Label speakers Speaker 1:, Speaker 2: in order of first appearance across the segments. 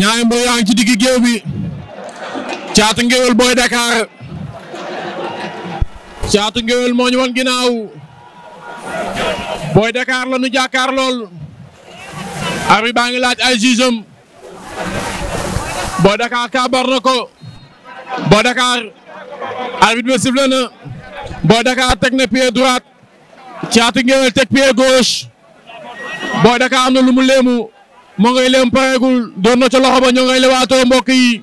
Speaker 1: ñaari mbër yaa ngi ci diggi géew bi caatu ngéwél booy Dakar caatu ngéwél moo ñu woon ginnaaw booy Dakar nu jàkkaar lool abi baa ngi laaj ay jugeem booy Dakar kaabar na ko booy Dakar arbitre bi sifflé na booy teg na pied droite caatu ngéwél teg pied gauche booy am na lu mu moo ngay leem pareegul doon na ca loxo ba ñoo ngay lewaatoo mbokk yi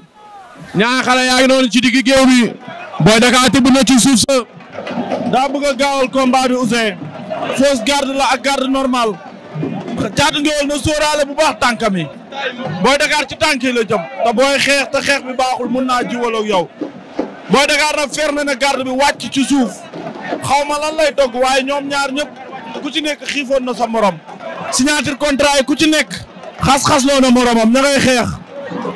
Speaker 1: ñaa xale yaa ngi noonu ci digg géew bi Boy Dakar tibb na ci suuf sa. daa bëgg a gaawal combat bi Ousseyn.
Speaker 2: fausse garde la ak garde normal Caatu Ngéwél na sóoraale bu baax tànkam yi. booy Dakar ci tànk la jam te booy xeex te xeex bi baaxul mun naa jiwaloo ak yow. Boy Dakar nag na ne garde bi wàcc ci suuf. xaw ma lan lay togg waaye ñoom ñaar ñëpp ku ci nekk xiifoon na sa morom. signature contrat ku ci nekk. xas-xas loo na moromam na ngay xeex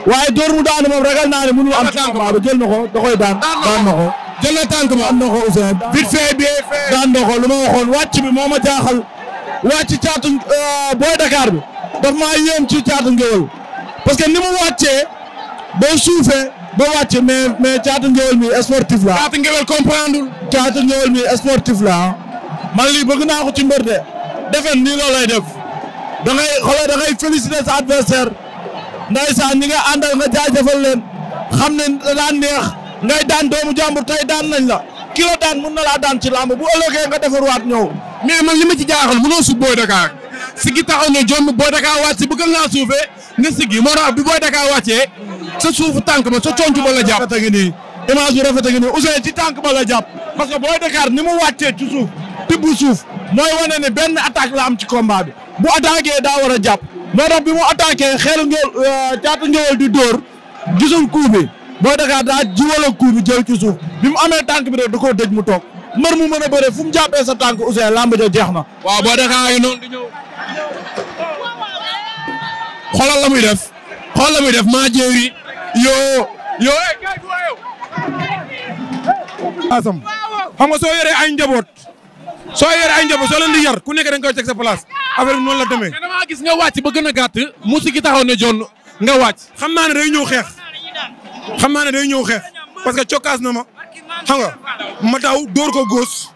Speaker 2: waaye door mu daanu moom ragal naa ne mënul am. tànk ba jël na ko da koy daan daan na ko. jël na tànk ba am na ko Ousseyn. vite fait bien fait daan na ko lu ma waxoon wàcc bi moo ma jaaxal wàcc caatu euh, booy Dakar bi daf maa yéem ci caatu ngéwél parce que ni mu wàccee boo suufee ba wàcc mais mais caatu ngéwél mi sportif la caatu ngéwél la man lii bëgg naa ko ci mbër de defen nii loolu def. da ngay xoolal da ngay féliciter sa adversaire ndaysaan ñi nga àndal nga jaajëfal leen xam ne daan neex ngay daan doomu jàmbur tey daan nañ la kilo daan mun na laa daan ci làmb bu ëllëgee nga waat ñëw.
Speaker 1: mais man li ma ci jaaxal mënoo sut Boy Dakar sigi taxaw ne jom Boy Dakar wàcc bu gën laa suufee nga sigi moo tax bi Boy Dakar wàccee sa suufu tànk ma sa conc ba la jàpp.
Speaker 2: image bi rafet a ngi nii Ousseyn ci tànk ba la jàpp parce que Boy Dakar ni mu wàccee ci suuf tibb suuf mooy wane ne benn attaque la am ci combat bi. boo attaqué daa war a jàpp moo tax bi mu attaqué xeelu ngeen euh, caatu ngeen di dóor gisul coup boo Dakar daa jiwala coup bi ci suuf bi mu amee tànk bi rek da koo dëj mu toog mbër mu mën a bëre fu mu jàppee sa tànk Ousseyn làmb ja jeex na. waaw boo Dakar ay noonu di ñëw. xoolal la muy def xoolal la muy def maa jéeri yoo yoo.
Speaker 3: asam xam nga soo yoree ay njaboot. soo yore ay njaboot soo leen di ku nekk da nga koy teg sa place affaire bi noonu la demee. nga wàcc ba gën a gàtt musu gi taxaw ne jon nga wàcc. xam naa ne day ñëw xeex xam naa ne day ñëw xeex parce que cokkaas na ma xam ma daw dóor ko góos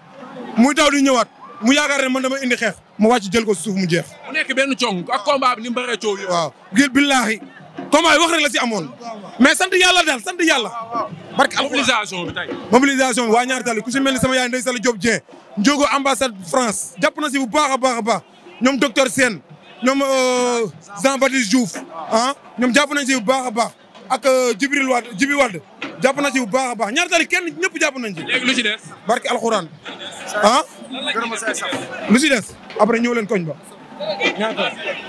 Speaker 3: muy daw di ñëwaat mu yaakaar ne ma dama indi xeex ma wàcc jël ko suuf mu jeex.
Speaker 1: mu nekk benn cong ak combat bi ni mu bëree coow yëpp. waaw
Speaker 3: ngir billaahi combat yi wax rek la si amoon mais sant yàlla daal sant yàlla. parce que mobilisation bi tey. mobilisation bi waa ñaari tali ku si mel ni sama yaay Ndeye Sala Diop Dieng Ndiogo ambassade France jàpp na si bu baax a baax a baax ñoom docteur Sène ñoom euh, Jean Baptiste Diouf ah ñoom jàpp nañ si bu baax a baax ak euh, Djibril Wade Djibi Wade jàpp na si bu baax a baax ñaar tali kenn ñëpp jàpp nañ ci. léegi lu ci des. barke alxuraan ah. lu ci des après ñëw leen koñ ba. ñaata